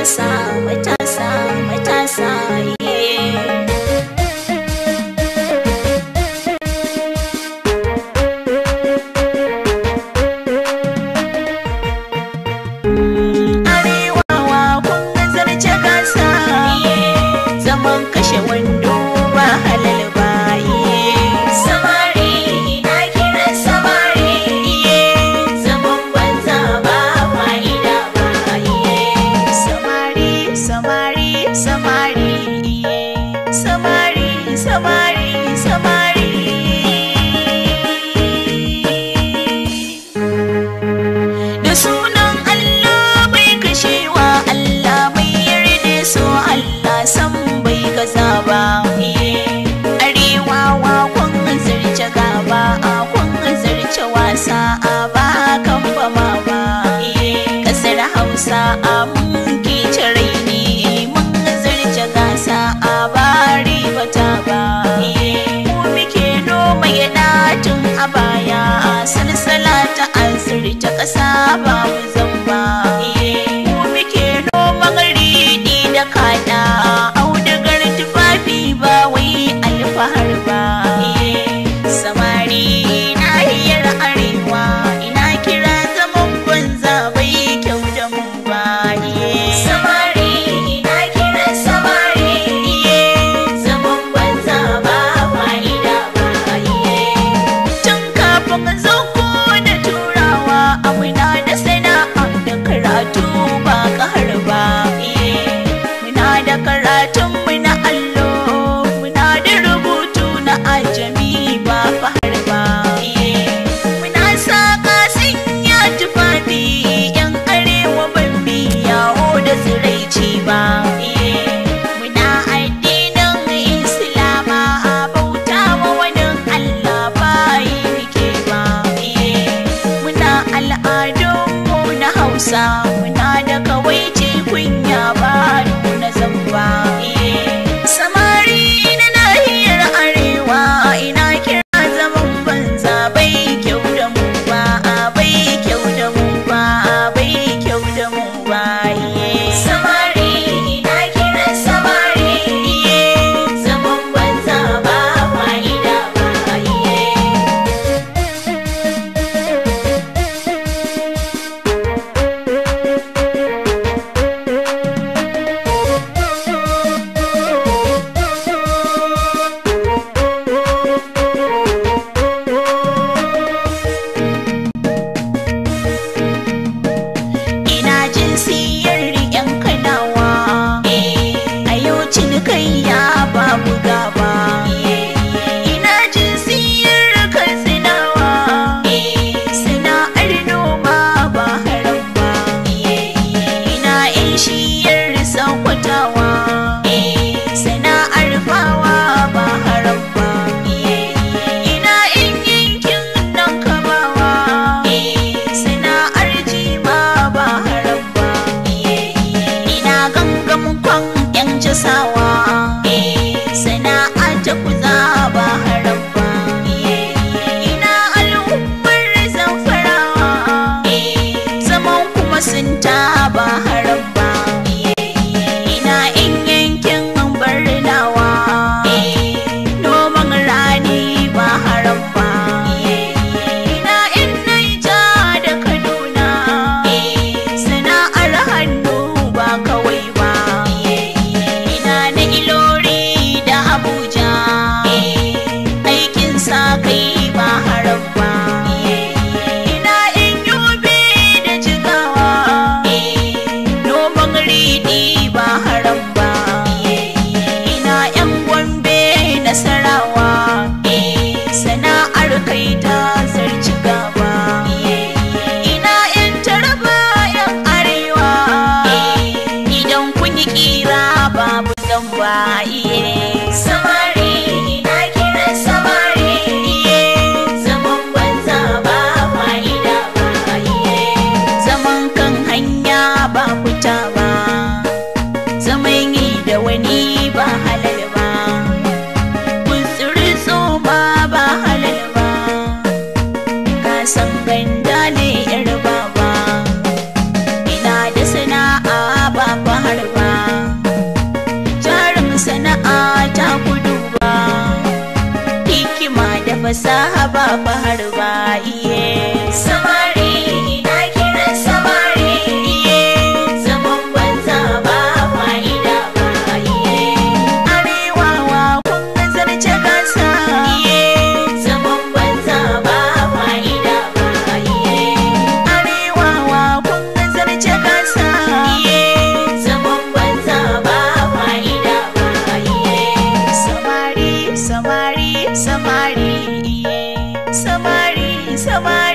matasa matasa sair. samari samari samari